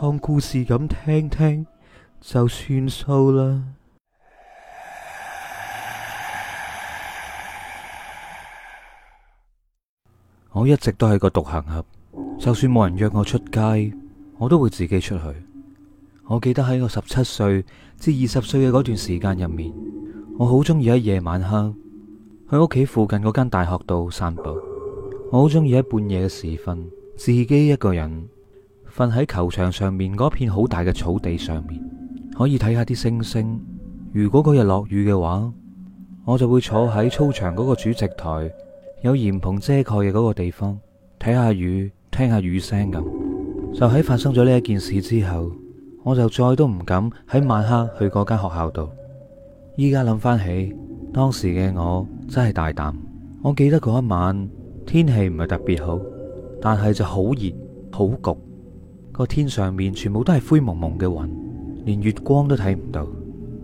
當故事咁聽聽就算數啦。我一直都係個獨行俠，就算冇人約我出街，我都會自己出去。我記得喺我十七歲至二十歲嘅嗰段時間入面，我好鍾意喺夜晚黑去屋企附近嗰間大學度散步。我好鍾意喺半夜嘅時分，自己一個人。瞓喺球場上面嗰片好大嘅草地上面，可以睇下啲星星。如果嗰日落雨嘅話，我就會坐喺操場嗰個主席台有簷篷遮蓋嘅嗰個地方睇下雨，聽下雨聲咁。就喺發生咗呢一件事之後，我就再都唔敢喺晚黑去嗰間學校度。依家諗翻起當時嘅我真係大膽。我記得嗰一晚天氣唔係特別好，但係就好熱好焗。個天上面全部都係灰蒙蒙嘅雲，連月光都睇唔到。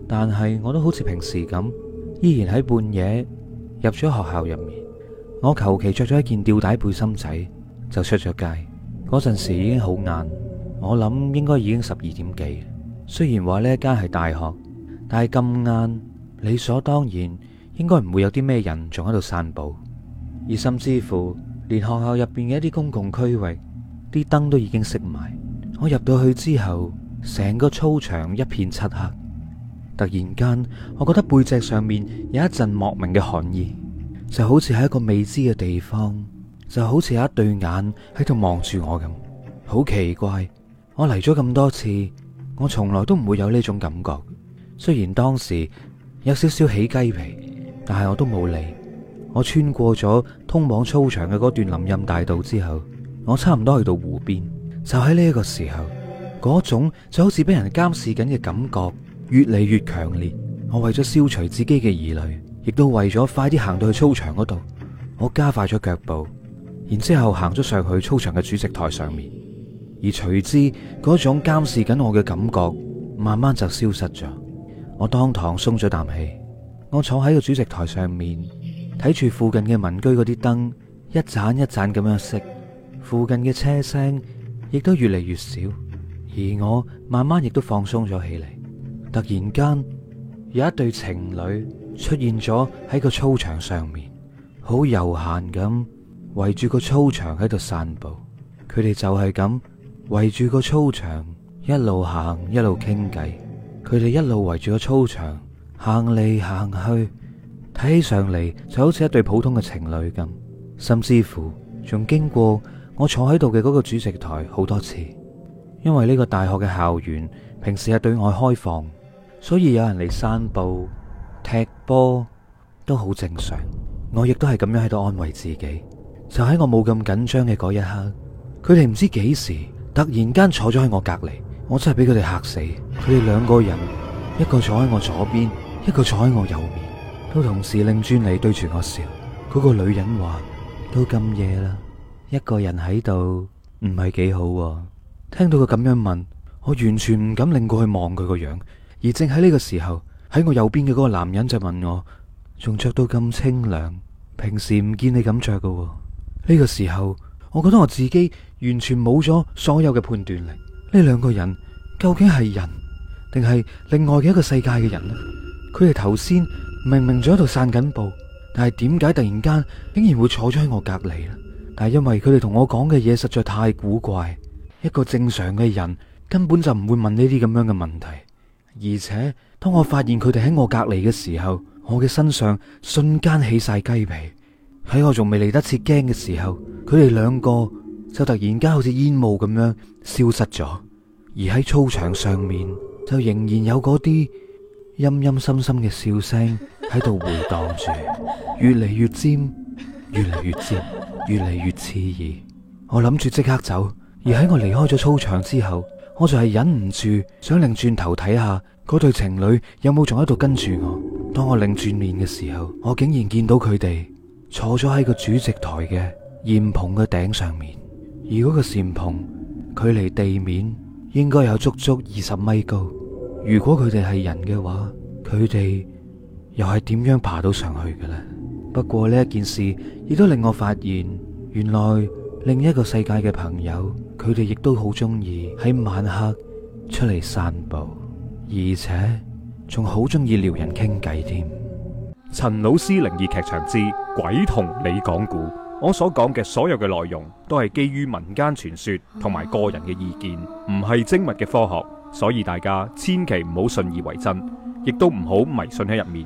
但係我都好似平時咁，依然喺半夜入咗學校入面。我求其着咗一件吊帶背心仔就出咗街。嗰陣時已經好晏，我諗應該已經十二點幾。雖然話呢一間係大學，但係咁晏，理所當然應該唔會有啲咩人仲喺度散步，而甚至乎連學校入邊嘅一啲公共區域啲燈都已經熄埋。我入到去之後，成個操場一片漆黑。突然間，我覺得背脊上面有一陣莫名嘅寒意，就好似喺一個未知嘅地方，就好似有一對眼喺度望住我咁，好奇怪。我嚟咗咁多次，我從來都唔會有呢種感覺。雖然當時有少少起雞皮，但係我都冇理。我穿過咗通往操場嘅嗰段林蔭大道之後，我差唔多去到湖邊。就喺呢個時候，嗰種就好似俾人監視緊嘅感覺越嚟越強烈。我為咗消除自己嘅疑慮，亦都為咗快啲行到去操場嗰度，我加快咗腳步，然之後行咗上去操場嘅主席台上面。而隨之嗰種監視緊我嘅感覺，慢慢就消失咗。我當堂鬆咗啖氣。我坐喺個主席台上面，睇住附近嘅民居嗰啲燈一盞一盞咁樣熄，附近嘅車聲，亦都越嚟越少，而我慢慢亦都放鬆咗起嚟。突然間，有一對情侶出現咗喺個操場上面，好悠閒咁圍住個操場喺度散步。佢哋就係咁圍住個操場一路行一路傾偈。佢哋一路圍住個操場行嚟行去，睇起上嚟就好似一對普通嘅情侶咁，甚至乎仲經過。我坐喺度嘅嗰個主席台好多次，因為呢個大學嘅校園平時係對外開放，所以有人嚟散步、踢波都好正常。我亦都係咁樣喺度安慰自己。就喺我冇咁緊張嘅嗰一刻，佢哋唔知幾時突然間坐咗喺我隔離，我真係俾佢哋吓死。佢哋兩個人，一個坐喺我左邊，一個坐喺我右邊，都同時擰轉嚟對住我笑。嗰個女人話：都咁夜啦。一個人喺度唔係幾好喎。聽到佢咁樣問，我完全唔敢擰過去望佢個樣。而正喺呢個時候，喺我右邊嘅嗰個男人就問我，仲着到咁清涼，平時唔見你咁着噶。呢個時候，我覺得我自己完全冇咗所有嘅判斷力。呢兩個人究竟係人，定係另外嘅一個世界嘅人咧？佢哋頭先明明仲喺度散緊步，但係點解突然間竟然會坐咗喺我隔籬咧？但係因為佢哋同我講嘅嘢，實在太古怪，一個正常嘅人根本就唔會問呢啲咁樣嘅問題。而且當我發現佢哋喺我隔籬嘅時候，我嘅身上瞬間起晒雞皮。喺我仲未嚟得切驚嘅時候，佢哋兩個就突然間好似煙霧咁樣消失咗。而喺操場上面就仍然有嗰啲陰陰森森嘅笑聲喺度回蕩住，越嚟越尖，越嚟越尖。越越嚟越刺耳，我諗住即刻走，而喺我離開咗操場之後，我就係忍唔住想擰轉頭睇下嗰對情侶有冇仲喺度跟住我。當我擰轉面嘅時候，我竟然見到佢哋坐咗喺個主席台嘅檐篷嘅頂上面，而嗰個檐篷距離地面應該有足足二十米高。如果佢哋係人嘅話，佢哋又係點樣爬到上去嘅呢？不過呢一件事亦都令我發現，原來另一個世界嘅朋友，佢哋亦都好中意喺晚黑出嚟散步，而且仲好中意撩人傾偈添。陳老師靈異劇場之「鬼同你講故」，我所講嘅所有嘅內容都係基於民間傳說同埋個人嘅意見，唔係精密嘅科學，所以大家千祈唔好信以為真，亦都唔好迷信喺入面。